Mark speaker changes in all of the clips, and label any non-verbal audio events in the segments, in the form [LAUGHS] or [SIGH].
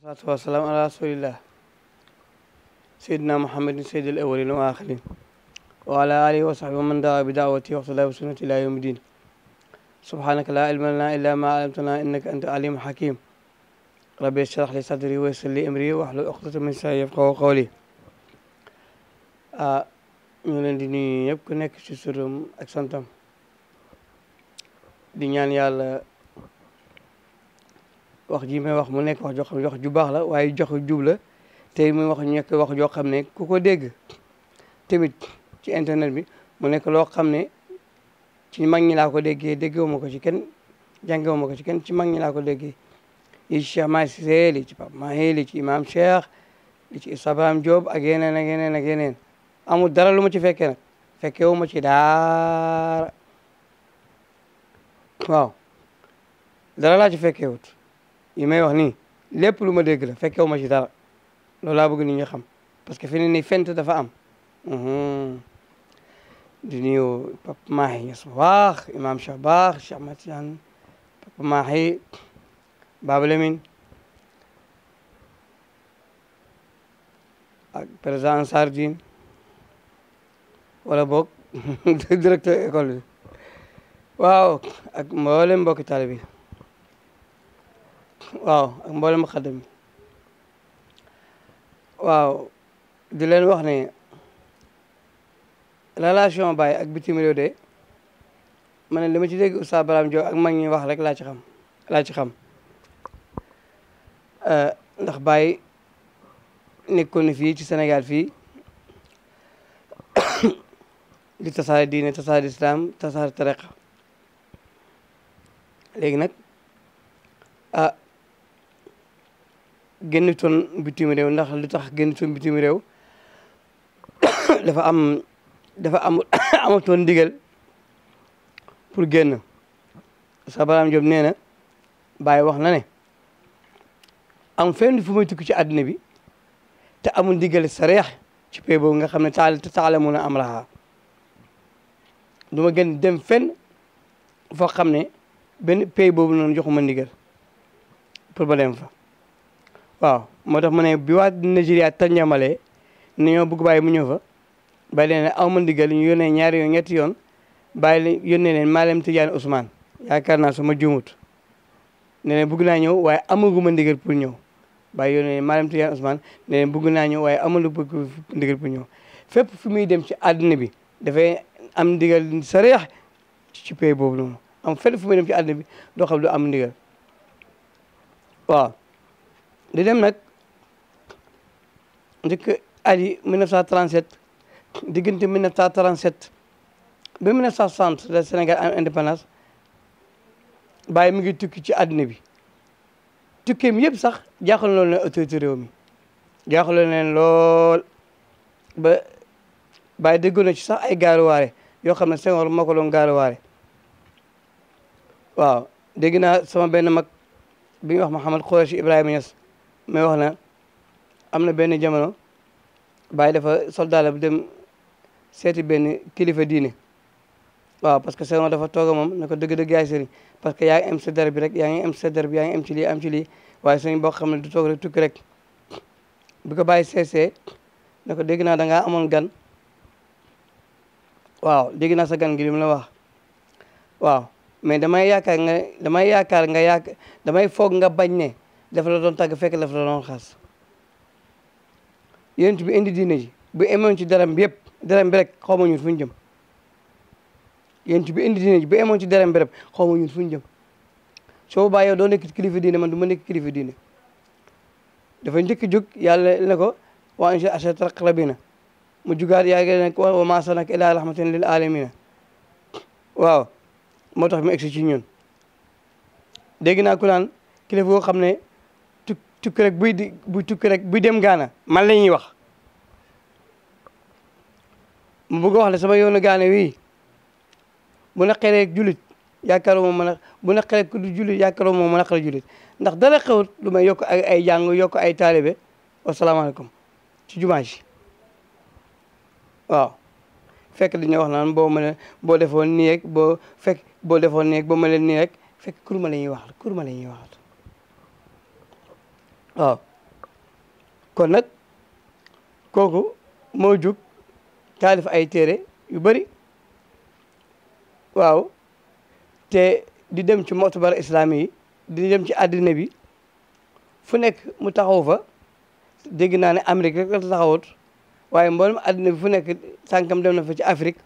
Speaker 1: salaatu wasalaam ala rasulillah seydina muhammadin seydil awalin wa axirin wa ala alihi wa saxbi wa man daa bi daawati waxtulaa bi sunnati ila yawmi din subhanaka laa ilma lana illa ma alamtana innaka anta alim hakim rabbi shrah li sadri wa yassir li amri wahlul uqdata min lisani yafqahu qawli ah ñu leen di nuyu ñëpp ku nekk ci suram ak santam di ñaan yàlla wax ji may wax mu nekk wax joo xam ne baax la waaye jox jub la tey muy wax nekk wax joo xam ne ku ko dégg tamit ci internet bi mu nekk loo xam ne ci mag ñi laa ko déggee déggewu ma ko ci kenn jàngewu ma ko ci kenn ci mag ñi laa ko déggee yi ci Cheikh Massiré li ci Pape Mahi li ci Imam Cheikh ci Sabam Diop ak yeneen ak yeneen ak yeneen amul dara lu ma ci fekkee nag ma ci daara waaw laa ci fekkee wut yi may wax nii lépp lu ma dégg la fekkewu ma ci dara loolu laa bëgg nit ñi xam parce que fi ne nii fent dafa am mhm. di nuyu Papa Mahi Niass baax Imam Cheikh baax Cheikh Matian Papa Mahi Baba Lamine ak président wala boog [LAUGHS] directeur école bi waaw ak mboolem mbokki taalibe bi waaw ak mboolem xadam waaw di leen wax ne relation Baye ak bitim réew de ma ne li ci dégg Oustaz Barham joo ak mag ñi wax rek laa ci xam laa ci xam euh, ndax bay nekkoon na fii ci senegal fii [COUGHS] di tasaare diine tasaare islam tasaare tariqa léegi nag ah génnutoon bitim réew ndax lu tax génnutoon bitim réew [COUGHS] dafa am dafa am [COUGHS] amatoon ndigal pour génn sa baraam Jóob nee na Baye wax na ne am fen fu may tukki ci àddina bi te amul ndigal sa reex ci pay boobu nga xam ne taal te taala mun a am raxaa du ma gën dem fen foo xam ne benn pay boobu noonu ma ndigal pour ba dem fa waaw moo tax mu ne bi waa Nigéria tanjamale ni ñoo bëgg bàyyi mu ñëw fa bàyyi leen aw ma ndigal ñu yónnee ñaari yoon ñetti yoon bàyyi leen yónnee leen Malam Tidiane Ousmane yaakaar naa su ma juumut ne leen naa ñëw waaye amaguma ndigal pour ñëw bàyyi yónnee leen Malam Tidiane Ousmane ne leen bëgg naa ñëw waaye amalu ndigal pour ñëw fépp fu muy dem ci àdduna bi dafay am ndigal sareex ci pays boobu noonu am fépp fu muy dem ci àdduna bi doo xam du am ndigal di dem nag ndikk ali 1937 diggante 1937 ba 1960 la Sénégal am indépendance bàyyi mi ngi tukki ci àddina bi tukkeem yëpp sax jaaxal loolu leen autorité réew mi jaaxal leen lool ba bàyyi déggoon na ci sax ay gaaruwaare yoo xam ne Senghor moo ko doon gaaruwaare waaw dégg naa sama benn mag bi ñuy wax Mouhamed Khourachi Ibrahima mais wax na am na benn jamono bàyyi dafa soldat la bu dem seeti benn kilifa diine waaw parce que Senghor dafa toog moom ne ko dëgg-dëgg yaay sëriñ parce que yaa ngi am bi rek yaa ngi am sa der bi yaa ngi am ci lii am ci lii waaye sëriñ boo xam ne du toog rek tukki rek bi ko bàyyi seesee ne ko dégg naa da amoon gan waaw dégg na sa gan gi la wax waaw mais damay yaakaar nga damay yaakaar nga yaak damay foog nga bañ ne dafa la doon tàgg fekk dafa la doon xaas yonent bi indi diine ji bu emoon ci deram bi yëpp deram bi rek xaw ma ñun fu jëm yonent bi indi diine ji bu emoon ci deram bi rek xaw ma ñun fu ñu jëm soo baa doo nekk kilifa diine man du ma nekk kilifa diine dafa njëkk jóg yàlla ne ko waa incha allah taqrabina mu jugaat yaa ngi nekk wa maa arsalnaaka illaa rahmatan lil aalamiina waaw moo tax mu egsi ci ñun dégg naa ku naan kilifa goo xam ne tukki rek buy di buy tukki rek buy dem gaana man la ñuy wax mu bëgg wax la sama yoonu gaana wii bu na naqaree julit yaakaaruma mën a bu naqaree ku du julit yaakaaruma mën a xare ndax dara xewut du ma yokk ak ay jàng yokk ay taalibe wasalaamaaleykum ci jumaa ji waaw fekk dañoo wax naan boo ma leen boo defoon nii boo fekk boo defoon nii rek boo ma leen nii rek fekk kurma la ñuy waxal kurma la ñuy waxal waaw kon nag kooku moo jug taalif ay téere yu bari waaw te di dem ci moxtabar islaami yi di dem ci àddina bi fu nekk mu taxaw fa dégg naa ne Amérique taxawut waaye mboolem àddina bi fu nekk tànkam dem na fa ci Afrique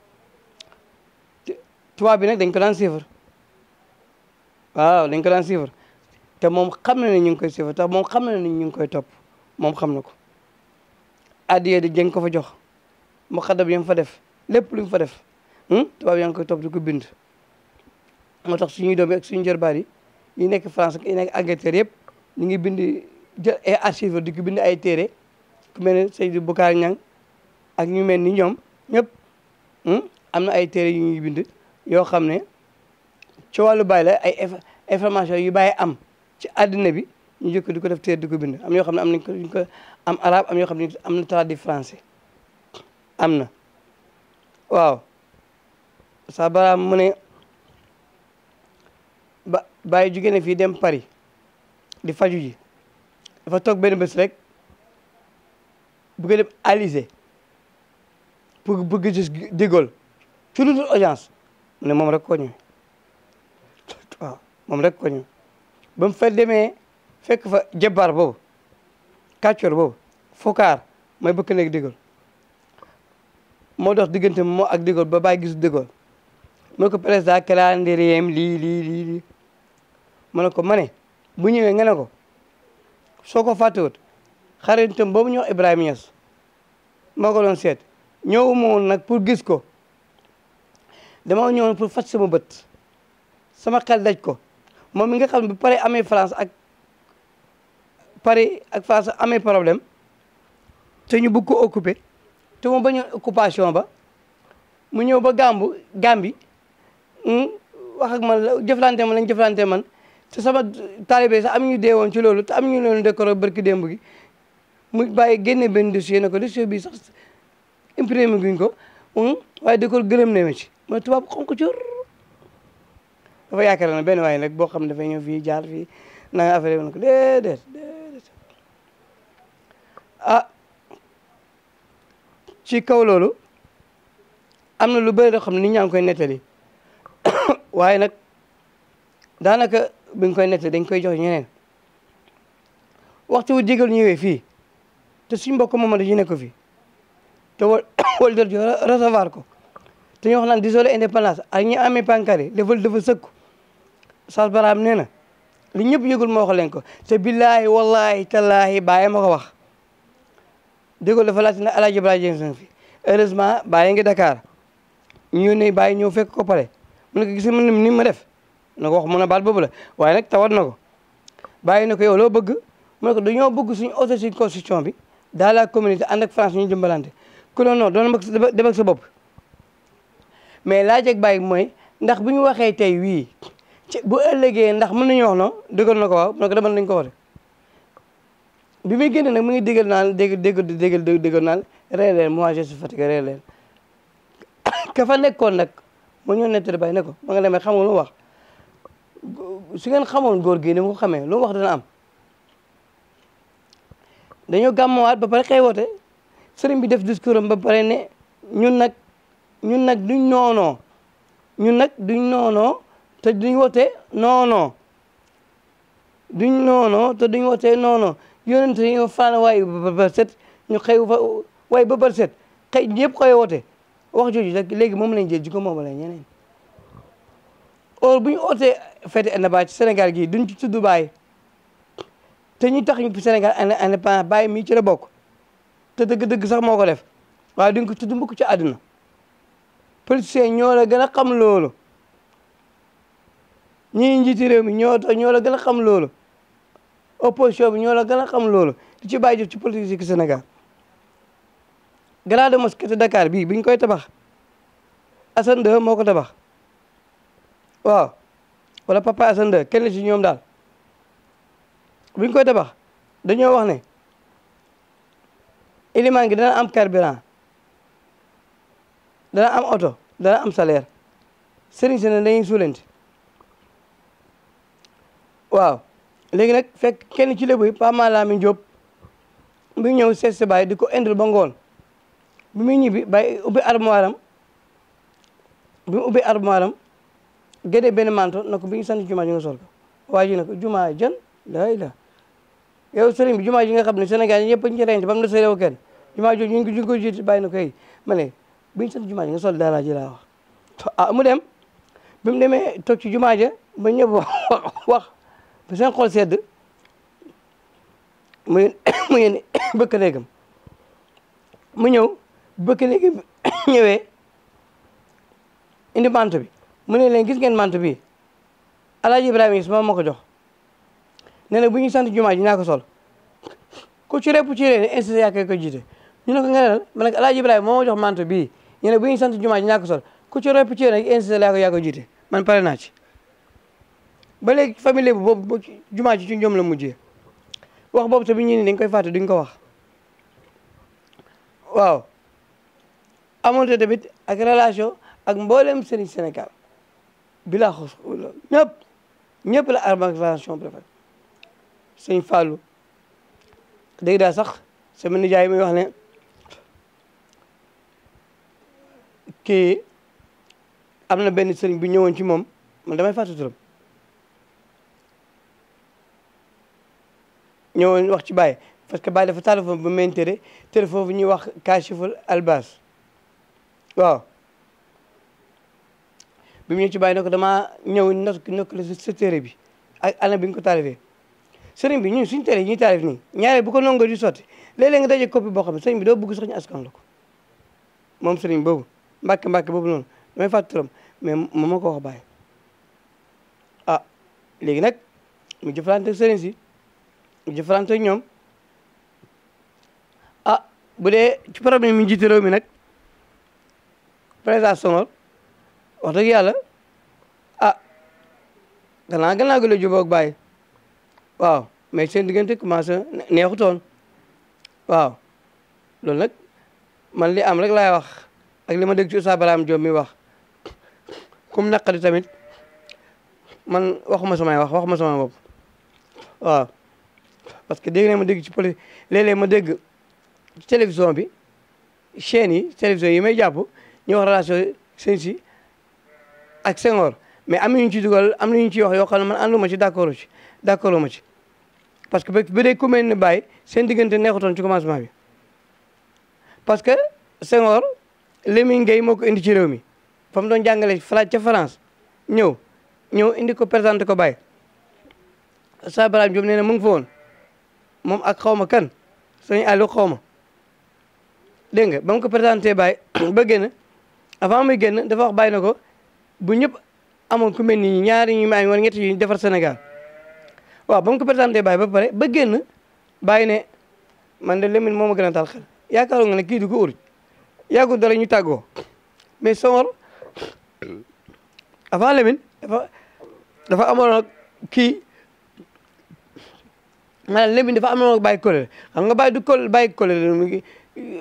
Speaker 1: tubaab bi nag dañ ko daan siifar waaw dañ ko daan siifar te moom xam na ne ñu ngi koy suivre moom xam na ne ñu ngi koy topp moom xam na ko addiye di jëng ko fa jox mu xadab yi fa def lépp lu mu fa def hmm, tubaab yaa ngi koy topp di ko bind moo tax suñuy doom yi ak suñu jërbaar yi yi nekk France yi nekk Angleterre yëpp ñu ngi bind jël ay archives bind ay téere ku mel ne Seydou Boucar Niang ak ñu mel ni ñoom ñëpp hmm, am na ay téere yu ñuy bind yoo xam ne ci wàllu bàyyi la ay information yi bàyyi am ci àddina bi ñu jëkk di ko def téere di ko bind am yoo xam ne am nañ ko duñ ko am arabe am yoo xam ne am na de français am na waaw sa baraam mu ne ba bàyyi jóge na fii dem Paris di faju ji dafa toog benn bés rek bëgg a dem Élysée pour bëgg De Gaulle ci lu dul audience mu ne moom rek ko ñëw [LAUGHS] waaw moom rek ko ba mu fa demee fekk fa jëbbaar boobu kàccoor boobu fukaar mooy bëkk nekk digol moo dox diggante moo ak digol ba bàyyi gisu digol mu ne ko président calendrier am lii lii lii lii mu ne ko ma ne bu ñëwee nga ne ko soo ko fàttewut xaritam boobu ñu wax Ibrahima Niass moo ko seet ñëw woon nag pour gis ko dama ñëwoon pour faj sama bët sama xel daj ko moom mi nga xam ne bu pare amee France ak Paris ak France amee problème te ñu bëgg ko te mu bañoon occupation ba mu ñëw ba gambu gambi wax ak man la jëflante man lañ jëflante man te sama taalibe sax am ñu dee woon ci loolu te am ñu loolu décoré barki démb gi mu bàyyi génne benn dossier ne ko dossier bi sax imprimé guñ ko hmm, waaye décor gërëm ne ma ci mooy tubaab xonk dafa yaakaar ne benn waay nag boo xam ne dafay ñëw fii jaar fii na affaire yi ko déedéet déedéet ah ci kaw loolu am na lu bëri loo xam ne nit ñaa ngi koy nettali [COUGHS] waaye nag daanaka bi ñu koy nettali dañ koy jox ñeneen waxtu wu jégal ñëwee fii te suñ mbokk moom dañu nekk fii te wal wal dër jo recevoir ko te ñu wax naan disole indépendance ak ñi amee pancari defal dafa sëkku Sass Baraam nee na li ñëpp yëgul ma wax leen ko te billaahi wallaahi tallaahi bàyyi ma ko wax déggoo dafa laajte ne El Hadj Ibrahima Dieng fi heureusement bàyyi nga dakaar ñu ne bàyyi ñëw fekk ko pare mu ne ko gis nga ni ma def na ko wax mu ne baat boobu la waaye nag tawat na ko bàyyi na ko yow loo bëgg mu ne ko dañoo bëgg suñu autosuffisance bi dans la communauté ànd ak France ñu jëmbalante ku ne non doon dem ak sa bopp mais laaj ak bàyyi mooy ndax bu ñu waxee tey wi bu ëllëgee ndax mën nañu wax no dëggal na ko waaw na ko ko war bi muy génne nag mu ngi déggal naan dégg dégg déggal déggal naan ree leen moi je suis fatigué [COUGHS] nekkoon nag moo ñoo nettali ne ko ma nga demee xamul lu wax ngeen xamoon góor gi ni mu xamee lu wax dana am dañoo gàmmawaat ba pare sëriñ bi def discours am ba pare ne ñun nag ñun nag duñ noonoo ñun nag duñ noonoo te duñ wootee non non duñ non non te duñ wootee non non yonent yi ñu faana waaye ba ba set ñu xëy waaye ba ba set xëy ñëpp xëy woote wax jooju rek léegi moom lañ jël jikko moom la ñeneen or bu ñu ootee fête indépendance ci senegal gi duñ ci tudd Baye te ñu tax ñu Sénégal indépendance Baye mii ci la bokk te dëgg-dëgg sax moo ko def waaye duñ ko tudd mbokk ci àdduna politiciens ñoo la gën a xam loolu ñii njiiti réew mi ñoo ñoo la gën a xam loolu opposition bi ñoo la gën a xam loolu di ci bàyyi jëf ci politique Sénégal grande mosquée de Dakar bii biñ koy tabax Assane Deme moo ko tabax waaw wala papa Assane Deme kenn ci ñoom daal biñ koy tabax dañoo wax ne ilimaan gi dana am carburant dana am oto dana am salaire sëriñ si ne dañuy suulante waaw léegi nag fekk kenn ci lébu yi Pape Malamine Diop bi ñëw seet baay Baye di ko indil ba ngoon bi muy ñibbi Baye ubbi armoire am bi mu ubbi armoire am gédee benn manto na ko bi ñu sant jumaa ji nga sol ko waa na ko jumaa jën laay la yow sëriñ bi ji nga xam ne Sénégal yi ñëpp ñu ci reyante ba mu ne sa réew kenn jumaa jooju ñu ngi ko jiite bàyyi na ko hey ma ne bi ñu jumaa ji nga sol daara ji laa wax ah mu dem bi mu demee toog jumaa ja ba ñëpp [LAUGHS] wax wax bu seen xol sedd mu [COUGHS] mu yéen [COUGHS] bëkk mu ñëw bëkk néegam [COUGHS] ñëwee indi mante bi mu ne leen gis ngeen mante bi alaaji ibrahima gis moom ma ko jox nee na bu ñuy sant jumaa ji naa ko sol ku ci repp ci réene insisté yàkee ko jiite ñu ne ko nga neel ma ne moo ma jox mante bii ñu bu ñuy sant jumaa ji naa ku ci repp ci réene insisté yaa jiite man pare naa ci ba léegi famille bu boobu jumaa ji ci ñoom la mujjee wax boobu tamit ñu ne dañ koy fàtte duñ ko wax waaw amonte tamit ak relation ak mboolem sëriñ Sénégal bi laa ñëpp ñëpp la armation préfet sëñ Fallou dégg daa sax sama nijaay muy wax ne kii am na benn sëriñ bi ñëwoon ci moom man damay fàtte ñëwoon wax ci Baye parce que Baye dafa téléphone bu main téré téléphone bu ñuy wax kaashiful albas waaw bi mu ñëw ci Baye ne ko damaa ñëw nok nok la sa téere bi ak ana bi nga ko taalifee sëriñ bi ñun suñu téere yi ñuy taalif nii ñaare bu ko nongo di sotti léeg-léeg nga daje copie boo xam ne sëriñ bi doo bëgg sax ñu askan la ko moom sëriñ boobu mbàkke mbàkke boobu noonu damay fàtt turam mais moom moo ko wax Baye ah léegi nag mu jëflante sëriñ si jëflante ak ñoom a ah, bu dee ci problème yi jiite réew mi nag président Senghor wax dëgg yàlla ah gannaaw gannaaw gi la jubóog bàyyi waaw mais seen diggante commencé neexutoon waaw loolu nag man li am rek laay wax ak li ma deg ci Oustaz Barham Diop mi wax kum naqari tamit man ma samay wax waxuma sama bopp waaw parce que dégg naa ma dégg ci politique léeg ma dégg ci télévision bi chaîne yi télévision yi may jàpp ñu wax relation sëñ si ak Senghor mais am na ci dugal am na ñu ci wax yoo ne man ànduma ci d' accord ci d' accord ma ci parce que ba dee ku mel ni Baye seen diggante neexutoon ci commencement bi parce que Senghor Lamine Gueye moo indi ci réew mi fa mu doon jàngale falaaj France ñëw ñëw indi ko présenté ko Baye Sa Brahima Diop nee na mu ngi fa moom ak xaw ma kan sëñ Aliou xaw ma dégg nga ba mu ko présenté Baye [COUGHS] ba génn avant muy génn dafa wax Baye na ko bu ñëpp amoon ku mel ni ñaari ñu may woon ñetti ñu defar Sénégal waaw ba mu ko présenté Baye ba pare ba génn Baye ne man de Lamine moom ma gën a taal xel yaakaaroon nga ne kii du ko uruj yàggul dara ñu tàggoo mais Senghor [COUGHS] avant Lamine dafa dafa kii maanaam lemi dafa amoon bàyyi xam nga bàyyi du kóll bàyyi kóllëre mu ngi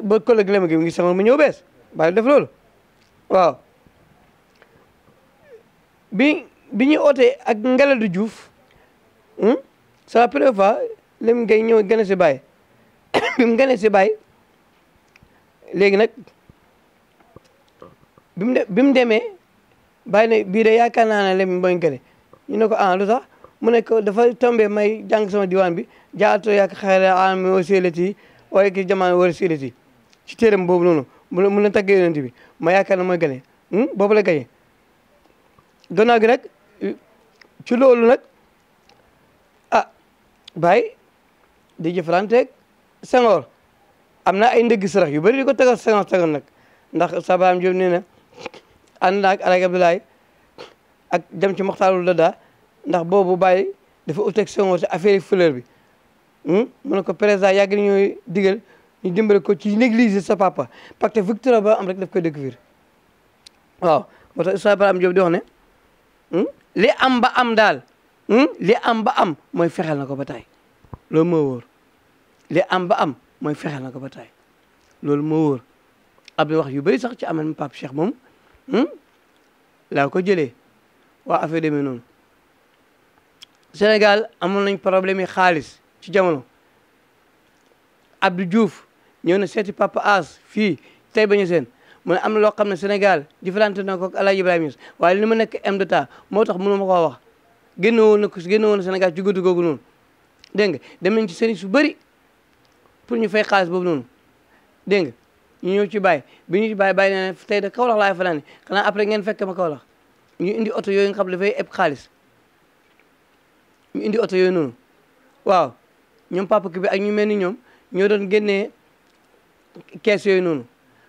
Speaker 1: ba kóllëre gi mu ngi sama mu ñëw bees bàyyi def lool waaw bi bi ñuy ootee ak Ngalandou Diouf hmm, c'est la première fois lem ngay ñëw gën a si bay [COUGHS] bi mu si bay léegi nag bi mu bi mu demee bàyyi ne bii de yaakaar naa ne lem ñu ne ko ah lu tax mu ne ko dafa tombé may jàng sama diwaan bi jaato yàq xayra alami wasilati waaye ki jamaan wasilati ci téeram boobu noonu mu ne tagg yonent bi ma yaakaar ne mooy gane hmm? boobu la gaye gannaaw gi nag ci loolu nag ah Baye di jëflanteeg Senghor am na ay ndëgg sarax yu bëri di ko tagal Senghor tagal nag ndax Sabaam Diop nee na ànd naag Alaaji Abdoulaye ak ci Moxtaarul Dada ndax boobu bàyyi dafa uteeg Senghor si affaire fleur bi hmm? mu ne ko président yàgg nañu digal ñu dimbale ko ci négliger sa papa parce que victoire ba am rek daf koy découvrir waaw moo tax Oustaz Ibrahima Diop di wax ne hmm? li am ba am daal hmm? li am ba am mooy fexeel na ko ba tey loolu moo wóor li am ba am mooy fexeel na ko ba tey loolu moo wóor ab wax yu bëri sax ci amal ma Pape Cheikh moom laa ko jëlee waa affaire demee noonu Sénégal amoon nañ problème yi xaalis ci jamono Abdou Diouf ñëw na seeti Papa As fii ba bañu seen mu ne am na loo xam ne Sénégal différente na ko ak El Hadj Ibrahima waaye li ma nekk am de temps moo tax mënu ma koo wax génn woon na ko génn woon na Sénégal ci guddi googu noonu dégg nga dem nañ ci sëriñ su bari pour ñu fay xaalis boobu noonu dégg nga ñu ñëw ci bàyyi bi ñu ci bàyyi bàyyi na ne tey de Kaolack laay fanaan xanaa après ngeen fekk ma Kaolack ñu indi oto yooyu nga xam dafay eb xaalis ñu indi oto yooyu noonu waaw ñoom papa ki bi ak ñu mel ni ñoom ñoo doon génnee kees yooyu noonu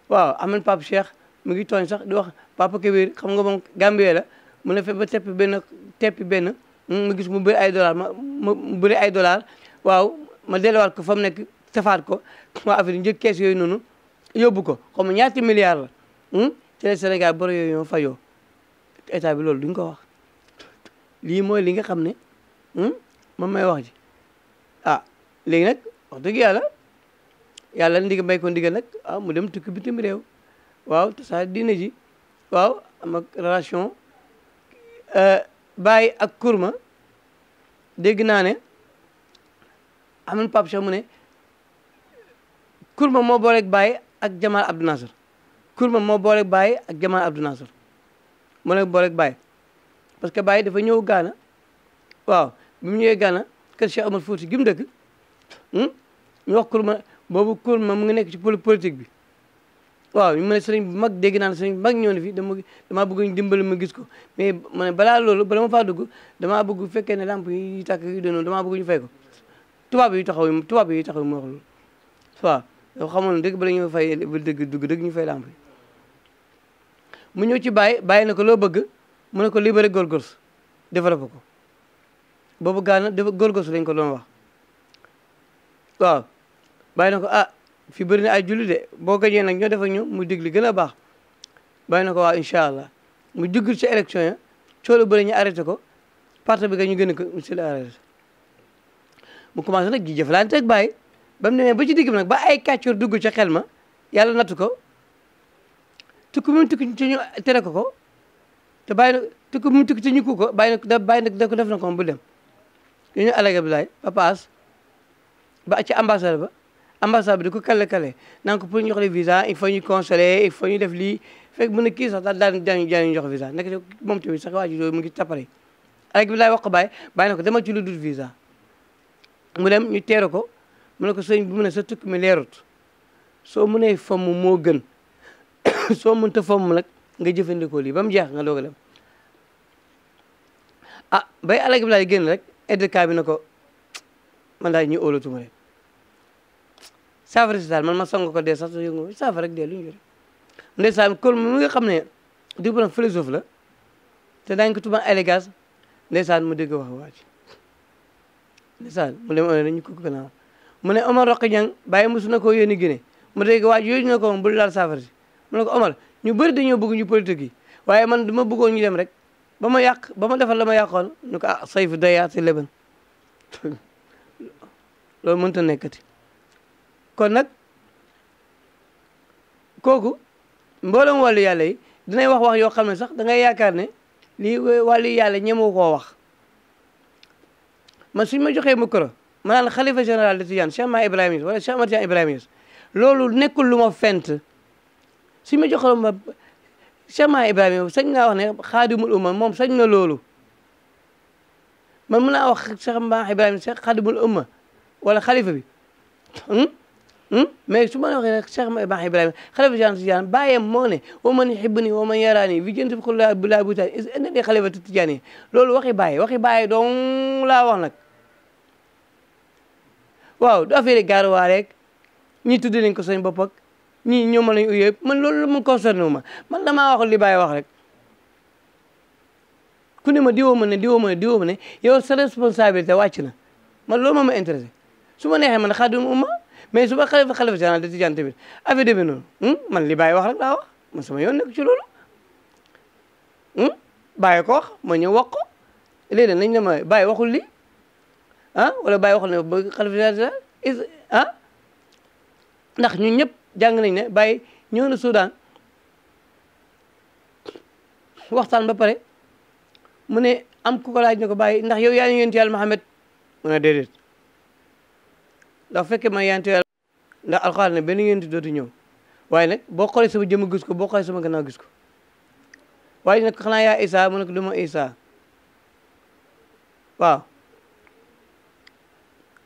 Speaker 1: waaw amen papa Cheikh mu ngi tooñ sax di wax papa Kébir xam nga moom Gambie la mu la fe ba tepp benn teppi benn mu gis mu bëri ay dollar ma mu bëri ay dollar waaw ma delluwaat ko fa mu nekk tefaat ko waa affaire njëkk kees yooyu noonu yóbbu ko xam nga ñaati milliards la te hmm? le Sénégal boro yooyu ñoo fayoo état bi loolu duñ ko wax lii mooy li nga xam ne Hmm? moom may wax ji ah léegi nag wax dëgg yàlla yàlla ndig may ko ndigal nag ah mu dem tukki bitim réew waaw tasaare diine ji waaw am ak relation euh, ak kurma dégg naa ne am na Pape Cheikh mu ne kurma moo booleeg bàyyi ak Jamal Abdou kurma moo booleeg bàyyi ak Jamal Abdou moo leen booleeg bàyyi parce que bàyyi dafa ñëw gaana waaw bi mu ñëwee Gana kër Cheikh Omar Fouti gi mu dëkk hmm, ñu wax kurma boobu kurma mu ngi nekk ci politique bi waaw ñu ma ne bu mag dégg naan sëriñ bu mag ñëw na fi dama damaa bëgg ñu dimbali ma gis ko mais ma bala loolo loolu bala ma faa dugg damaa bëgg bu fekkee ne lamp yi tàkk yi doon damaa bëgg ñu fay ko tubaab yi taxaw tubaab yi taxaw moo wax loolu waaw yow xamoon dëgg bala ñu fay dëgg dugg dëgg ñu fay lamp yi mu ñëw ci bàyyi bàyyi na ko loo bëgg mu ne ko libéré Gorgos développé ko boobu gaana dafa golgosu lañ ko doon wax waaw bàyyi na ko ah fi bëri na ay julli de boo gañee nag ñoo defak ñu mu digli gën a baax bàyyi na ko waaw incha allah mu jugul ci élection ya coolu bëri ñu arrêté ko parti bi ga ñu gën a ko monsieur le mu commencé nag ji jëflante ak bàyyi ba mu demee ba ci digg bi nag ba ay kàccoor dugg ca xel ma yàlla nattu ko tukki mu tukki ci ñu tere ko ko te bàyyi na tukki mu ci ñu ko ko bàyyi na bàyyi na da ko def na ko bu dem yu ñu allégué bi laay ba paas ba ci ambassade ba ambassade bi di ko kale-kale naan ko pour ñu jox le visa il faut ñu consoler il faut ñu def lii fekk mën na kii sax daal daal dañu dañu jox visa nekk moom tamit sax waa ji yooyu mu ngi tapare allégué bi laay wax ko bàyyi bàyyi na ko dama ci lu dul visa mu dem ñu teeru ko mu ne ko sëñ bi mu ne sa tukki mi leerut soo mënee fomm moo gën [COUGHS] soo mënta fomm nag nga jëfandikoo lii ba mu jeex nga doog a dem ah bay allégué bi génn rek aide de na ko man daal ñu óolatuma leen saafara daal man ma song ko de sax yëngu saafara de dee lu ñu jore ndeysaan kon mu nga xam ne diplôme philosophe la te daañu ko tuban élégance ndeysaan mu de wax waaj ndeysaan mu dem one ñu ko gannaaw mu ne Omar roq ñang bàyyi mosu na koo yónni Guinée mu dégg waaj yooyu na ko moom bul laal saafara si mu ne ko Omar ñu bëri dañoo bëgg ñu politique yi waaye man dama bëggoon ñu dem rek ba ma yàq ba ma defal la ma yàqoon ñu ko ah sayfu dayaati leben [LAUGHS] loolu mënta nekkati kon nag kooku mboolem wàllu yàlla yi dinay wax wax yoo xam ne sax da ngay yaakaar ne lii wàllu yàlla ñemoo koo wax man suñ ma joxee micro ma naan xalifa général de Tidiane Cheikh Mahi Ibrahima Niass wala Cheikh Matian Ibrahima Niass loolu nekkul lu ma fent suñ ma joxee Cheikhna Ibrahima sañ naa wax ne xaadimul umma moom sañ na loolu man mën naa wax Cheikhna Ibrahima Cheikh xaadimul umma wala xalifa bi hmm? Hmm? mais su ma la waxee nag Cheikhna Ibrahima xalifa Cheikh Tidiane bàyyam moo ne wa man yuhibbuni wa man yaraani bi jënti ko laa bu laa butaan is inna di xalifatu Tidiane loolu waxi bàyyi waxi bàyyi dong laa wax nag waaw du affaire gaaruwaa rek ñi tudd nañ ko seen bopp ak ñii ñoo ma lañ uy yëpp man loolu mu concerné wu ma man damaa wax li Baye wax rek ku ma diwoo ma ne diwoo ma ne diwoo ma ne yow sa responsabilité wàcc na man loolu moo ma intéressé su ma neexee man xadim umma mais su ma xale xale si da ci jant bi affaire demee noonu hmm? man li Baye wax rek laa wax sama yoon nekk ci loolu hmm? ko wax ma ñëw wax ko léeg-léeg nañ ne ma Baye waxul lii ah wala Baye waxul ne ba xale si ñëpp. jàng nañ ne Baye ñëw na Soudan waxtaan ba pare mu ne am ku ko laaj ne ko Baye ndax yow yaa ngi yonent yàlla Muhammad mu ne déedéet ndax fekkee ne yonent yàlla ndax alxuraan ne benn yonent dootu ñëw waaye nag boo xoolee sama jëmm gis ko boo xoolee sama gannaaw gis ko waaye nag xanaa yaa Isa mu ne ko du ma Isa waaw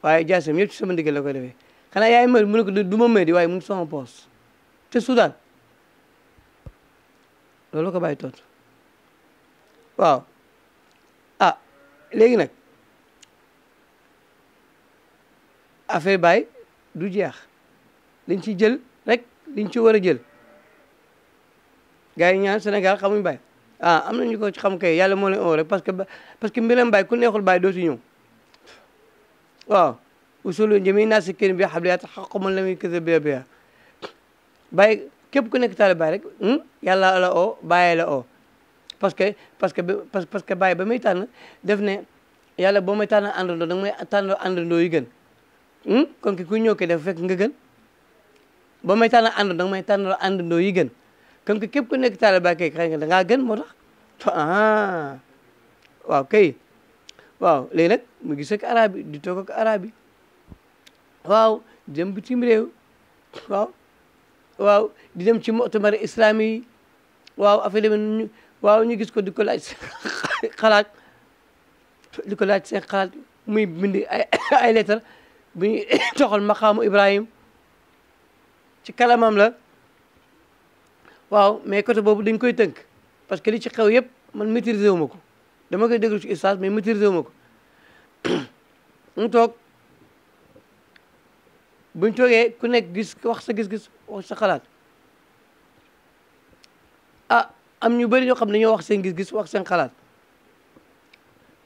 Speaker 1: waaye ci sama ndigal la koy xanaa yaay mari mu ne ko du ma mari waaye mu sama poos te Soudan loolu ko bàyyi tontu waaw ah léegi nag affaire bàyyi du jeex dañ ci jël rek liñ ci war a jël gars yi ñaan Sénégal xamuñ bàyyi ah am nañu ko ci xam kay yàlla moo rek parce que parce que mbiram bàyyi ku neexul bàyyi dootu ñëw waaw usulu jami naa si kër bi xabliyaat xaq man la muy kese bee bee bàyyi képp ku nekk taalibe Baay rek hmm, yàlla la oo bàyyi la oo parce que parce que parce que Baay ba muy tànn def ne yàlla boo may tànn àndandoo danga may tànn àndandoo yu gën hmm, kon ku ñëw def fekk nga gën ba may tànn àndandoo danga may tànn àndandoo yi gën kon ki képp ku nekk taalibe ba kay xëy nga dangaa gën moo tax ah, waaw kay waaw léegi mu gis ak arabe yi waaw di dem bitim réew waaw waaw di dem ci moctamar islami yi waaw affaire yi waaw ñu gis ko di ko laaj seen xalaat di ko laaj seen xalaat muy bind ay ay lettre bu ñuy toxal maqaamu Ibrahim ci kalamam la waaw mais côté boobu dañ koy tënk parce que li ci xew yëpp man maîtriser wu ma ko dama koy déglu ci ustaas mais maîtriser wu ma ko [COUGHS] mu buñ toogee ku nekk gis wax sa gis-gis wax sa xalaat ah, am ñu bëri ñoo xam ne ñoo wax seen gis-gis wax seen xalaat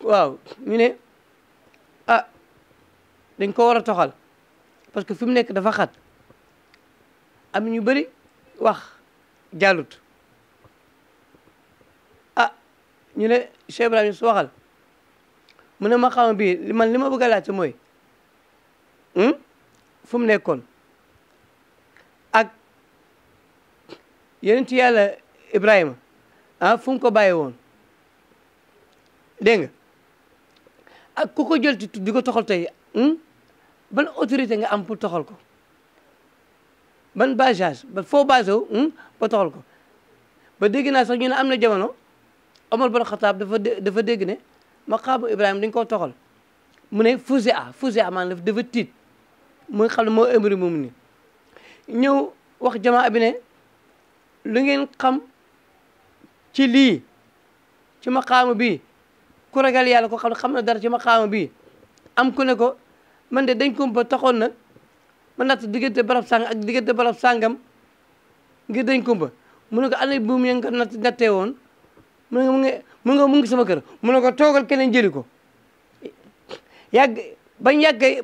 Speaker 1: waaw ñu ne ah dañ ko war a toxal parce que fi mu nekk dafa xat am ñu bari wax jàllut a ah, ñu ne Cheikh Ibrahima su waxal mu ne ma xam bii man li ma bëgg a laajte hmm? fu mu nekkoon ak yonent yàlla Ibrahima ah fu mu ko bàyyi woon dégg nga ak ku ko jël ti di ko toxal tey hmm? ban autorité nga am pour toxal ko ban bagage ba foo basé wu ba toxal ko ba dégg naa sax ñu am na jamono Omar bin Khattab dafa dafa dégg ne maqaamu Ibrahima dañ koo toxal mu ne fusée a fusée a maanaam dafa tit mu xam ne moo ëmbri moom ni ñëw wax jamaa bi ne lu ngeen xam ci lii ci ma bii bi ragal yàlla ko xam xam na dara ci maqaama bi am ku ne ko man de dañ kumpa taxoon na ma natt diggante barab sàng ak diggante barab sàngam ngir dañ kumpa mu ne ko ana buum ya nga natt nattee woon mu ne mu ngi mu ngi sama kër mu ne ko toogal keneen jëli ko bañ yàggee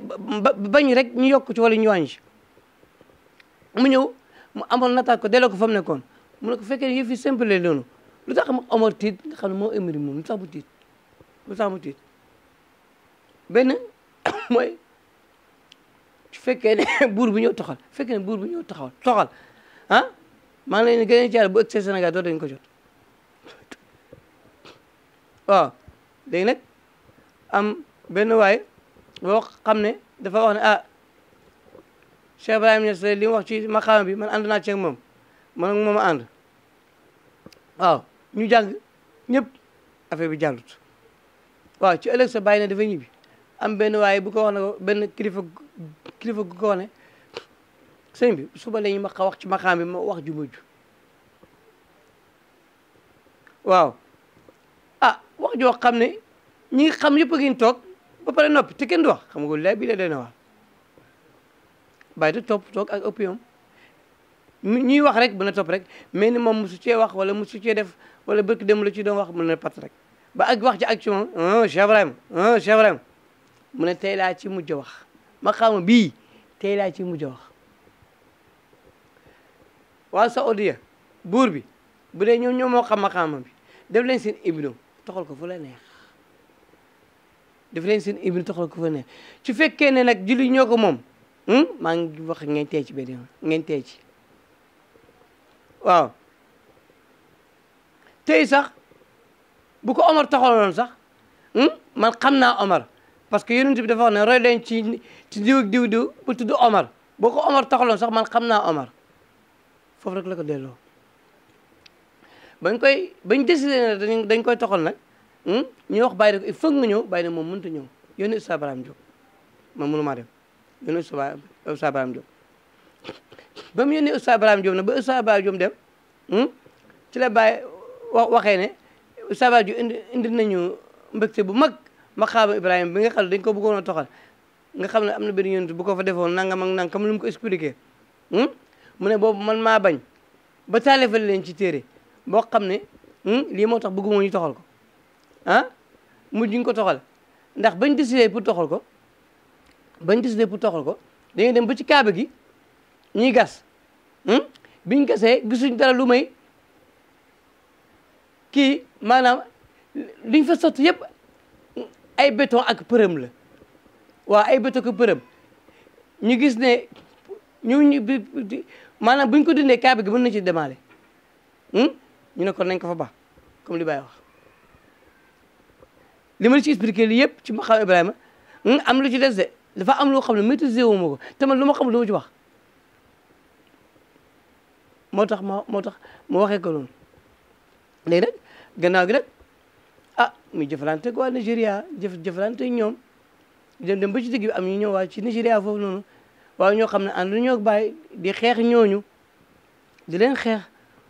Speaker 1: bañ rek ñu yokk ci wala ñu wàññi mu ñëw mu amoon nataal ko delloo ko fa mu nekkoon mu ne ko fekkee yëf yi simple loonu lu tax mu Omar tiit nga xam ne moo émiri moom lu sax mu tiit mu tiit benn [COUGHS] mooy su fekkee ne [COUGHS] buur bu ñëw toxal fekkee ne buur bu ñëw taxawal toxal ah maa ngi leen di gën a jaar bu egg Sénégal doo dañ ko jot [COUGHS] nag am benn waaye boo xam ne dafa wax ne ah Cheikh Ibrahima Niass li mu wax ci maqaama bi man ànd naa ceeg moom man ak moom a ànd waaw ñu jàng ñëpp affaire bi jàllut waaw ci ëllëg sa bàyyi ne dafa ñibbi am benn waaye bu ko wax ne ko benn kilifa kilifa gu ko wax ne sëñ bi suba la ñu ma wax ci maqaam bi ma wax ju mujj waaw ah xam ne ñi xam yëpp a ngi toog ba pare nopp te kenn du wax xam nga walaay la dee na wax bàyyi te topp toog ak opinion ñuy wax rek mën a topp rek mais ni moom mosu cee wax wala mosu cee def wala bëkk dem la ci doon wax mën na pat ba ak wax ci action Cheikh Ibrahima Cheikh Ibrahima mu ne tey laa ci mujj wax ma xaama bii tey laa ci mujj wax waa Saoudia buur bi bu de ñoom ñoo moo xam ma bi def leen seen ibno toxal ko fu neex def leen seen ibn toxal ku fa ne su fekkee ne nag jullit ñoo ko moom hmm? maa ngi wax ngeen tey ci benn ngeen tey ci waaw tey sax bu ko Omar taxaloon sax hmm? man xam naa Omar parce que yonent bi dafa wax ne roy leen ci ci diw diw diw bu tudd Omar boo ko Omar taxaloon sax man xam naa Omar foofu rek la ko delloo bañ koy bañ décidé ne dañ koy taxal nag Hmm? ñu wax bàyyi ne ko il faut nga ñëw bàyyi ne moom mënut a ñëw yónni Oustaz Ibrahima Diop man mënu maa dem yónni Oustaz Ibrahima Diop ba mu yónni Oustaz ba dem hmm? ci la bàyyi wax waxee ne Oustaz Ibrahima Diop indi indi nañu mbégte bu mag maqaama Ibrahima bi nga xam ne dañ ko bëggoon a toxal nga xam ne am na benn yonent bu ko fa defoon nangam ak nangam lu mu ko expliqué hmm? mu ne boobu man maa bañ ba taalifal leen ci téere boo xam ne lii moo tax bëgguma ñu toxal ko ah mujj ñu ko toxal ndax bañ décidé pour toxal ko bañ décidé pour toxal ko dañuy dem ba ci kaaba gi ñuy gas hmm? biñ gasee gisuñ dara lu may kii maanaam liñ fa sotti yëpp ay béton ak përëm la waa ay béton ak përëm ñu gis ne ñu ñu maanaam buñ ko dindee kaaba gi mën na ci demaale hmm? ñu ne kon nañ ko fa li Baye wax li ma la ci expliqué lii yëpp ci maqaam Ibrahima hmm, am lu ci des de dafa am loo xam ne maîtrisé wu ma ko te man lu ma xamul lu ma ci wax moo tax ma moo tax ma waxee ko noonu léegi nag gannaaw gi nag ah muy jëfalante ko waa Nigéria jëf jëfalante ñoom dem dem ba ci digg bi am ñu ñëw waa ci Nigéria foofu noonu waaw ñoo xam ne ànd ñoo bàyyi di xeex ñooñu di leen xeex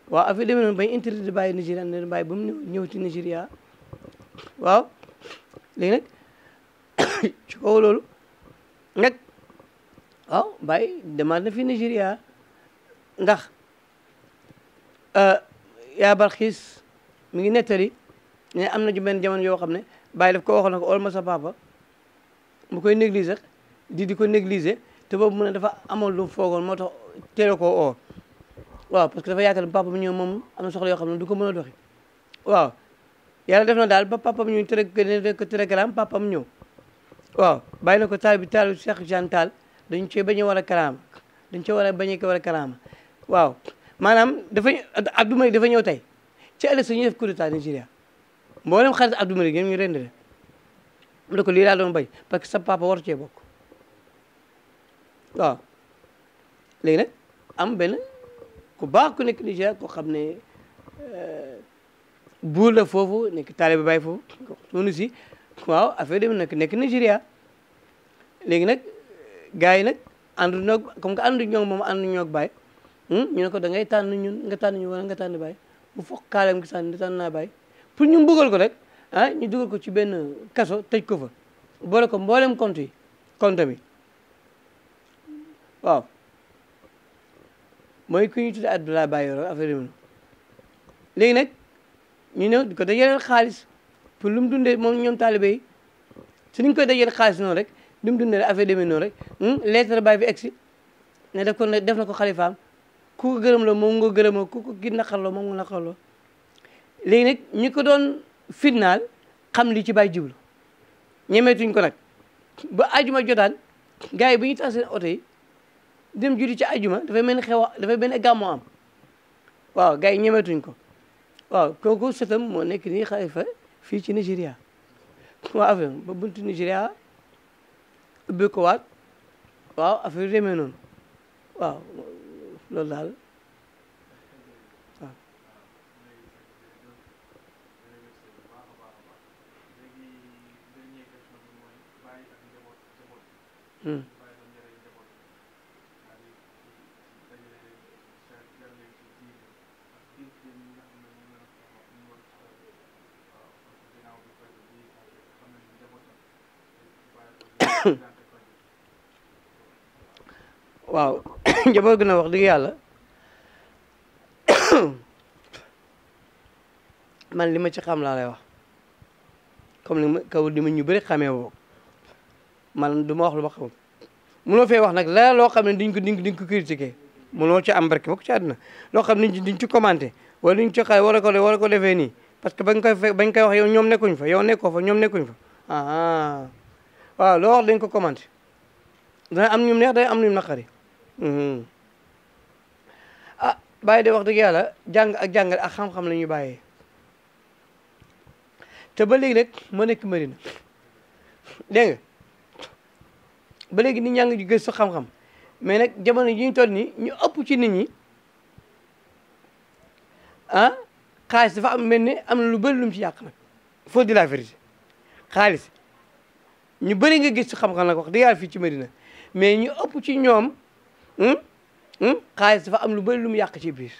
Speaker 1: waaw affaire demee noonu bañ bàyyi Nigéria ne bàyyi ba mu ñëw ñëw ci Nigéria waaw léegi nag ci kaw loolu nag waaw Baye demaat na fi Nigéria ndax yaa Balxiis mi ngi nettali ne am na ju benn jamono yoo xam ne Baye daf koo waxoon na ko ol ma papa mu koy négliger di di ko négliger te boobu mu ne dafa amoon lu mu foogoon moo tax teel koo waaw parce que dafa yaakaar ne papa mi ñëw moom am na soxla yoo xam ne du ko mën a doxi waaw yàlla def na daal ba papam ñu tërë ko tërëkalaam papam ñëw waaw bàyyi na ko taal bi taal Cheikh Jean Tall dañ cee bañ a war a karaama dañ cee war a bañ a war a karaama waaw maanaam dafa Abdou Malik dafa ñëw tey ci élection ñu def coup d'état Nigéria mboolem xarit Abdou Malik ñoom ñu rend mu ne ko lii laa bay bañ parce que sa papa waru cee bokk waaw léegi nag am benn ku baax ku nekk Nigéria koo xam ne euh, buur la foofu nekk taaliba baay foofu noonu si waaw affaire dem nag nekk Nigéria léegi nag gars yi nag àndu ñoog comme que àndu ñoog moom àndu ñoog baay hmm? ñu ne ko da ngay tànn ñun nga tànn ñu wala nga tànn baay mu foog kaalam gi sànni naa baay pour ñu bëggal ko rek ah ñu dugal ko ci benn kaso tëj ko fa boole ko mboolem compte yi compte bi waaw mooy ku ñu tudde Abdoulaye Bayero affaire yi léegi nag ñu ne di ko dajaleel xaalis pour lu mu dundee moom ñoom taalibe yi su ñu koy dajaleel xaalis noonu rek lu mu dundee affaire demee noonu rek hmm, lettre bàyyi bi egsi ne def ko def na ko xalifaam ku ko gërëm la moom nga gërëmoo ku ko ki naqarloo moom nga naqarloo léegi nag ñi ko doon fitnaal xam li ci bàyyi jublu ñemeetuñ ko nag ba ajuma jotaan gars yi bu ñu tax seen oto yi dem julli ci ajuma dafay mel ni xew dafay mel ni gàmmoo am waaw gars yi ñemeetuñ ko waaw kooku sëtam moo nekk nii Xalifa fii ci Nigéria waaw affaire ba buntu Nigéria waaw affaire yu demee waaw loolu daal waaw hmm. waaw [COUGHS] njaboot gi na wax dëgg yàlla [COUGHS] man li ma ci xam laa lay wax comme li ma kaw li ma ñu bëri xamee woo man du ma wax lu ma xam munoo fee wax nag la loo xam ne diñ ko diñ ko diñ ko critiqué munoo ci am barke ba ko ci àddina loo xam ne diñ ci commenté wala diñ ci xale wala ko wala ko defee nii parce que bañ koy bañ koy wax yow ñoom nekkuñ fa yow nekkoo fa ñoom nekkuñ fa ah, ah. waaw loo wax dañ ko commenté dana am ñum neex day am ñum naqari Mm-hmm. a ah, bàyyi de wax dëgg yàlla jàng ak jàngal a xam-xam la ñuy bàyyee te ba léegi nag ma nekk marina dégg nga ba léegi nit ñaa ngi gëstu xam-xam mais nag jamono ji ñu nii ñu ëpp ci nit ñi a ah, xaalis dafa am mel ni am na lu bëri lu ci yàq nag faut dire la vérité xaalis ñu bëri nga gëstu xam-xam nag wax dëgg yàlla fii ci marina mais ñu ëpp ci ñoom Hmm? Hmm? xaalis dafa am lu bëri lu mu yàq ci biir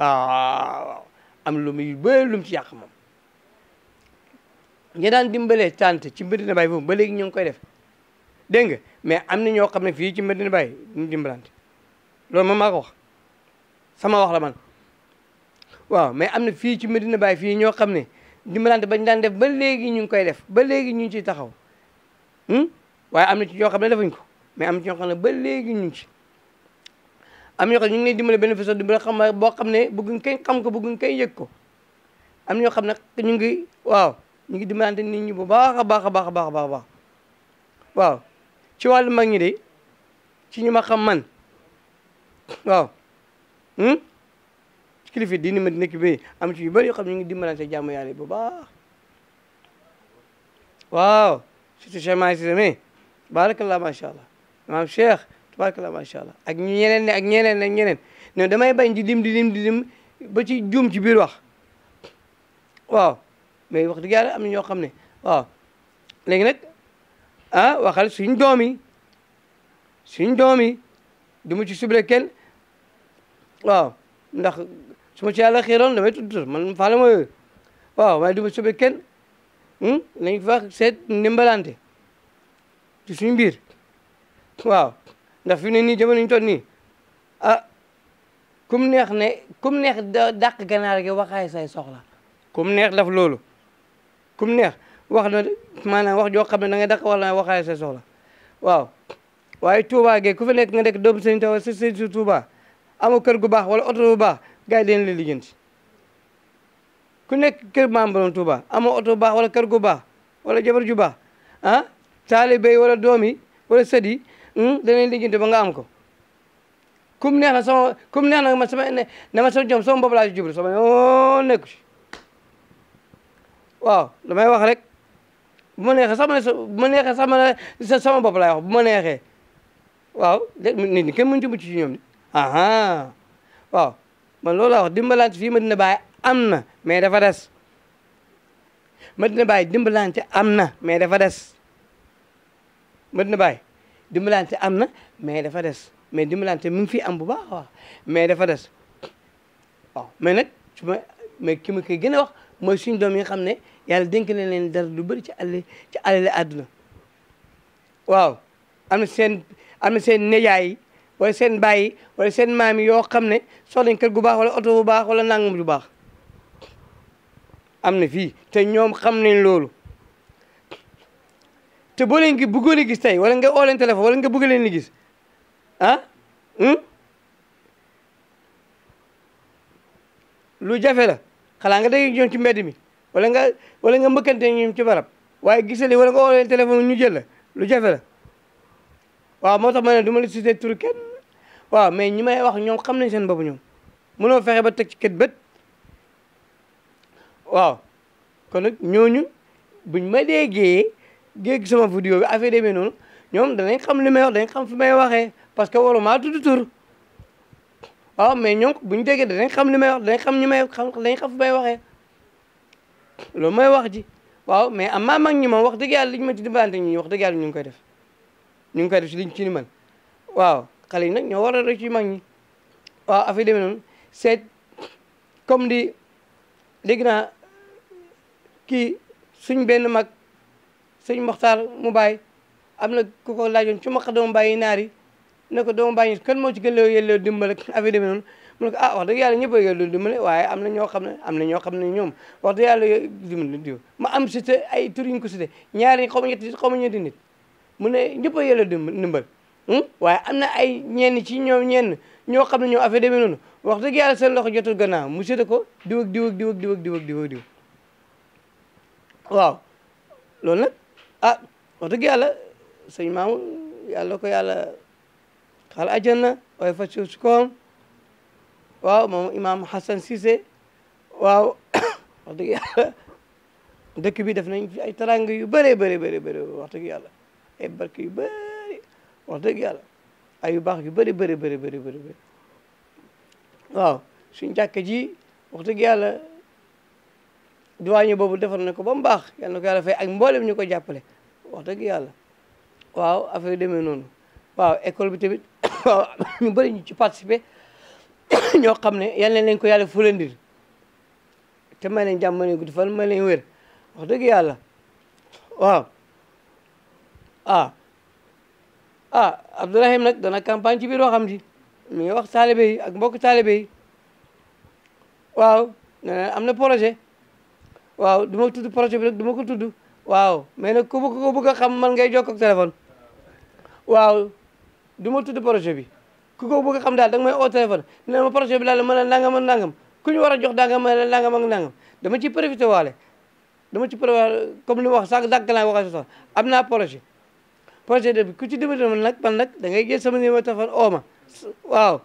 Speaker 1: waaw am lu muy bëri lu mu ci yàq moom ñi daan dimbalee tante ci Medina Baye foofu ba léegi ñu ngi koy def dégg nga mais am na ñoo xam ne fii ci Medina Baye ñu dimbalante loolu moom maa ko wax sama wax la waaw mais am na fii ci Medina Baye fii ñoo xam ne dimbalante bañ daan def ba léegi ñu ngi koy def ba léegi ñu ngi ciy taxaw hmm? waaye am na ci ñoo xam ne defuñ ko mais am na ci ñoo xam ne ba léegi ñu ngi ci am ñoo xam ne ñu ngi leen dimbale bénéfice du boo xam boo xam ne bëgguñ kenn xam ko bëgguñ kenn yëg ko am ñoo xam ne ñu ngi waaw ñu ngi dimbalante nit ñi bu baax a baax baax a a baax waaw ci wàllu mag ñi de ci ñi ma xam man waaw hmm? kilifa diine ma nekk ci yu bëri yoo ñu ngi dimbalante jàmm yàlla bu baax waaw surtout chement si macha allah maam Cheikh tabaarkalla macha allah ak ñeneen ne ak ñeneen ak ñeneen non damay bañ di lim di lim di lim ba ci juum ci biir wax waaw mais wax dëgg yàlla am na ñoo xam ne waaw léegi nag ah waxal suñ doom yi suñ doom yi du mu ci suble waaw ndax suma ci yàlla xiiroon damay tudd man faala ma yooyu waaw waaye du ma suble kenn hmm? nañ fa seet suñ biir waaw ndax fi ne nii jamono ñu toll nii ah kum neex ne kum neex dàq ganaar gi waxaay say soxla kum neex laf loolu kum neex wax na maanaam wax joo xam ne da ngay dàq wala waxaay say soxla waaw waaye Touba ge ku fa nekk nga nekk doomu sëñ Touba si sëñ si Touba amoo kër gu baax wala oto bu baax gars yi dañ la liggéenti ku nekk kër maam borom Touba amoo oto bu baax wala kër gu baax wala jabar ju baax ah taalibe yi wala doom yi wala sët Hmm? danañ lijjanti ba nga am ko kum neex na sama kum nee na ma sama ne ma sama jom sama bopp laa ci jublu sama yoon nekku ci waaw damay wax rek bu ma neexee sax ma ne bu sama bopp laay bu ma neexee waaw nit ñi kenn mën ci mucc ci ñoom de aha waaw man loolu laa wax dimbalante fii Medina Baye am na mais dafa des Medina Baye dimbalante am na mais dafa des Medina Baye dimbalante am na mais dafa des mais dimbalante mu ngi fi am bu baax waaw mais dafa des waaw mais nag su ma mais ki ma koy gën a wax mooy suñu doom yi nga xam ne yàlla dénk ne leen dara lu bëri ci àll ci àll àdduna waaw am na seen am na seen nijaay yi wala seen baay yi seen maam yoo xam ne soxla nañ kër gu baax wala oto bu baax wala nangam bu baax am na fii te ñoom xam ne loolu te boo leen gi bëggoon gis tey wala nga oo leen téléphone wala nga bëgg leen gis ah hmm? lu jafe la xalaa nga dégg ñoom ci mbedd mi wala nga wala nga mbëkkante ñoom ci barab waaye gisali wala nga oo leen ñu jël la lu jafe la waaw moo tax ma ne du ma la tur kenn waaw mais ñi may wax ñoom xam nañ seen bopp ñoom mënoo fexe ba teg ci kët bët waaw kon nag ñooñu buñ ma déggee géeg sama vidéo bi affaire demee noonu ñoom danañ xam li may wax danañ xam fi may waxee parce que waruma tudd tur waaw mais ñoom bu ñu déggee danañ xam li may wax danañ xam ñi may xam danañ xam fi may waxee loolu mooy wax ji waaw mais am maa mag ñi moom wax dëgg yàlla li ñu ma ci dimbalante ñi wax dëgg yàlla ñu ngi koy def ñu ngi koy def si liñ ci ni man waaw xale yi nag ñoo war a rek ci mag ñi waaw affaire demee noonu c'est comme di dégg naa kii suñ benn mag sëñ Moxtaar mu bàyyi am na ku ko laajoon ci maq doomu bàyyi naar yi ne ko doomu bàyyi kan moo ci gën loo yelloo dimbale affaire demee noonu mu ne ah, yàlla ñëpp a yelloo dimbale waaye am na xam ne am na ñoo xam ne ñoom wax dëgg yàlla diw ma am cité ay tur yuñ ko cité ñaari xaw nit xaw ma ñetti nit mu ne ñëpp a yelloo dimbal hmm? waaye am na ay ñenn ci ñoom ñenn ñoo xam ne ñoom affaire demee noonu wax dëgg yàlla seen loxo jotul gannaaw mu cité ko diw ak diwak ak diw ak diw ak ah wax dëgg yàlla sëñ maamu yàlla ko yàlla xal àjjana waaye fa ci koom waaw moom imaam Hassan Cissé waaw [COUGHS] wax dëgg yàlla dëkk bi def nañ fi ay taranga yu bëree bëri bëri wax dëgg yàlla ay yu bëri wax dëgg yàlla ay yu baax yu bëri bëri bëri bëri bëri waaw suñ jàkk ji wax dëgg yàlla duwaañu boobu defar na ko ba mu baax yàlla na ko yàlla fay ak mboolem ñu ko jàppale wax dëgg yàlla waaw affaire demee noonu waaw école bi tamit [COUGHS] waaw ñu bëri ñu ci participer [COUGHS] ñoo xam ne yal nañ leen ko yàlla fulandir te may leen jàmm ma leen guddi fan may leen wér wax dëgg yàlla waaw ah ah Abdourahim nag dana campagne ci biir loo xam ji mi ngi wax taalibe yi ak mbokk taalibe yi waaw nee na am na projet waaw du ma tudd projet bi nag du ko tudd waaw mais nag ku bëgg ko bëgg a xam man ngay jokk ak téléphone waaw du ma tudd projet bi ku ko bëgg a xam daal da nga may oo téléphone ne ma projet bi daal ma ne nangam ak nangam ku ñu war a jox danga ma ne nangam ak nangam dama ci profité waale dama ci prévoir comme li ma wax sànq dàgg naa waxee sax am naa projet projet de bi ku ci demee man nag man nag da ngay jël sama numéro téléphone oo ma waaw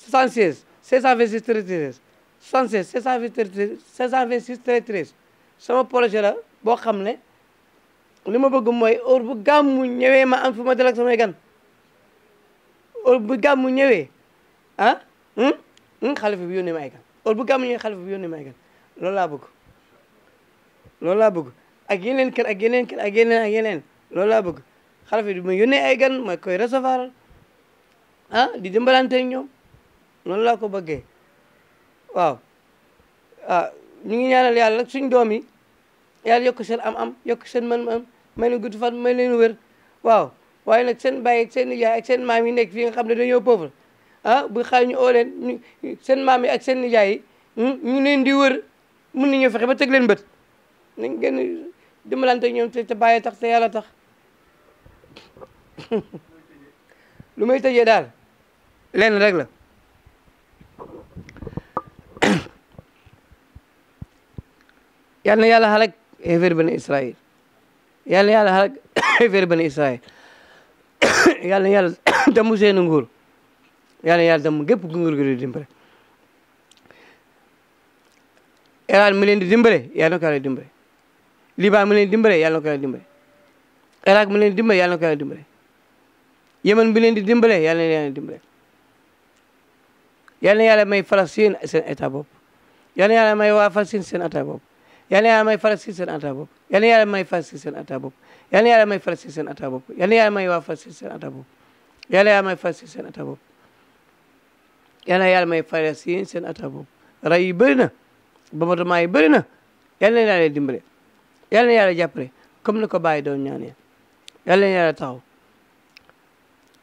Speaker 1: 76 626 33 76 626 626 33 sama projet la boo xam ne li ma bëgg mooy heure bu gàmmu ñëwee ma am fu ma dal ak samay gan heure bu gàmmu ñëwee ah hmm, hmm, xalifa bi yónnee ma ay gan heure bu gàmmu ñëwee xalifa bi yónnee ma ay gan loolu laa bëgg loolu laa bëgg ak yeneen kër ak yeneen kër ak yeneen ak yeneen loolu laa bëgg xalifa bi ma yónnee ay gan ma koy recevoir ah di dimbalante ak ñoom noonu laa ko bëggee waaw ah ñu ngi ñaanal yàlla suñ doom yi yàlla yokk seen am am yokk seen mën-mën may leen gudd fan may leen wér waaw waaye nag seen baay ak seen nijaay ak seen maam yi nekk fii nga xam ne dañoo pauvre ah bu xaay oo leen seen maam yi ak seen nijaay yi hmm, ñu leen di wër mën nañoo fexe ba teg leen bët nañ gën a dimbalante ñoom te te bàyyi tax te yàlla tax [COUGHS] lu may tëjee daal lenn rek la [COUGHS] yal na yàlla xalak héeféer bani Israël yàlla yàlla xalak [COUGHS] affaire bani Israël [COUGHS] yàlla yàlla [COUGHS] damu seen nguur yàlla yàlla damu gépp nguur gi di dimbale Iran mi leen di dimbale yàlla na ko yàlla dimbale Liban mi leen di dimbale yàlla na ko leen di dimbale yàlla yàlla may Palestine seen état bopp yàlla na yal na yàlla may faral si seen ata bopp yal na yàlla may faral si seen ata bopp yal na yàlla may faral si seen ata bopp yal na yàlla may waa faral si seen ata bopp yal na yàlla may faral si seen ata bopp yal na yàlla may faral si seen ata bopp ray yi bëri na bombardement yi bëri na yal na yàlla dimbale yal na yàlla jàppale comme ni ko bàyyi doon ñaanee yal na yàlla taxaw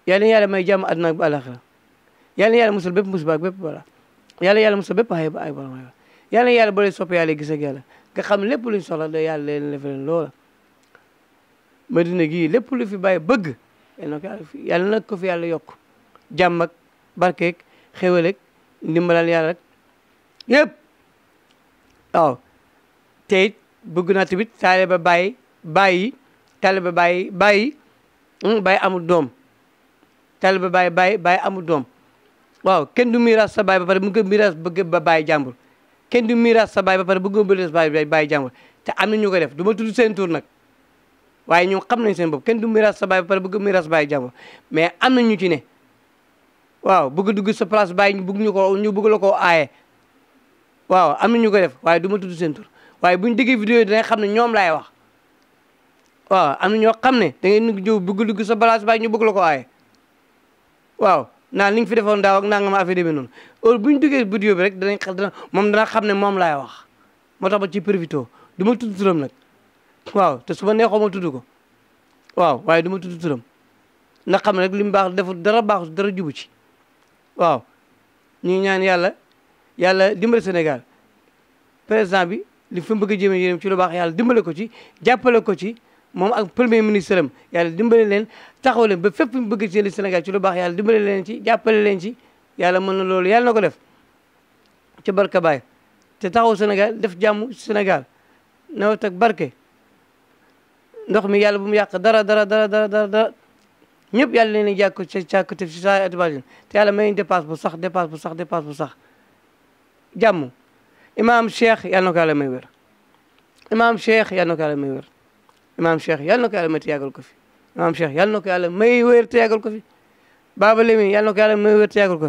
Speaker 1: yal na yàlla may jàmm àdduna ak àllaxira yal na yàlla musal bépp musiba ak bépp bala yal na yàlla musal bépp ay ay bala yal na yàlla boole sopp yàlla gis ak yàlla nga xam lépp luñ soxla da yàlla leen def loola madina gii lépp lu fi bàyyi bëgg yàlla na ko fi yàlla yokk jàmm ak barkeeg xéwaleeg ndimbalal yàlla rek yëpp waaw te it bëgg naa tamit ba bàyyi bàyyi taaliba bàyyi bàyyi hmm, bàyyi amul doom taaliba baay bàyyi bàyyi amul doom waaw kenn du miiras sa bàyyi ba pare mu ngi miiras bëgg ba bàyyi jàmbur kenn du miiras sa baay ba pare bëgg bëri sa baay baay jàmbur te am na ñu ko def du ma tudd seen tur nag waaye ñoom xam nañ seen bopp kenn du miiras sa baay ba pare bëgg miiras baay jàmbur mais am na ñu ci ne waaw bëgg dugg sa place baay bëgg ñu ko ñu bëgg la koo aaye waaw am na ko def waaye du ma tudd seen waaye buñu déggee vidéo yi dinañ xam ne ñoom laay wax waaw am ñoo xam ne da ngay bëgg dugg sa place baay ñu bëgg la ko aaye waaw naan li nga fi defoon daaw ak nangam affaire demee noonu heure bu ñu duggee buddio bi rek danañ xam dana moom dana xam ne moom laay wax moo tax ba ci profité du ma tudd turam nag waaw te su ma neexoo ma tudd ko waaw waaye du ma tudd ndax xam ne rek li mu baax deful dara baaxul dara jubu ci waaw ñu ñaan yàlla yàlla dimbali Sénégal président bi li fi mu bëgg a jëmee ci lu baax yàlla dimbale ko ci jàppale ko ci moom ak premier ministre am yàlla dimbale leen taxaw leen ba fépp bëgg ci jëli senegal ci lu baax yàlla dimbale leen ci jàppale leen ci yàlla mën na loolu yàlla ko def ci barka bay te taxaw senegal def jàmm senegal nawet ak barke ndox mi yàlla bu mu yàq dara dara dara dara dara dara ñëpp yàlla leen jàkko ci càkk te ci saa atibagin te yàlla may dépasse bu sax dépasse bu sax dépasse bu sax jàmm imaam Cheikh yàlla na ko yàlla may wér imaam Cheikh yàlla na ko yàlla may wér imaam Cheikh yàlla na ko yàlla may te yàggal ko fi imaam Cheikh yàlla na ko yàlla may wér te yàggal ko fi Baba Lamine yàlla na ko yàlla may wér te yàggal ko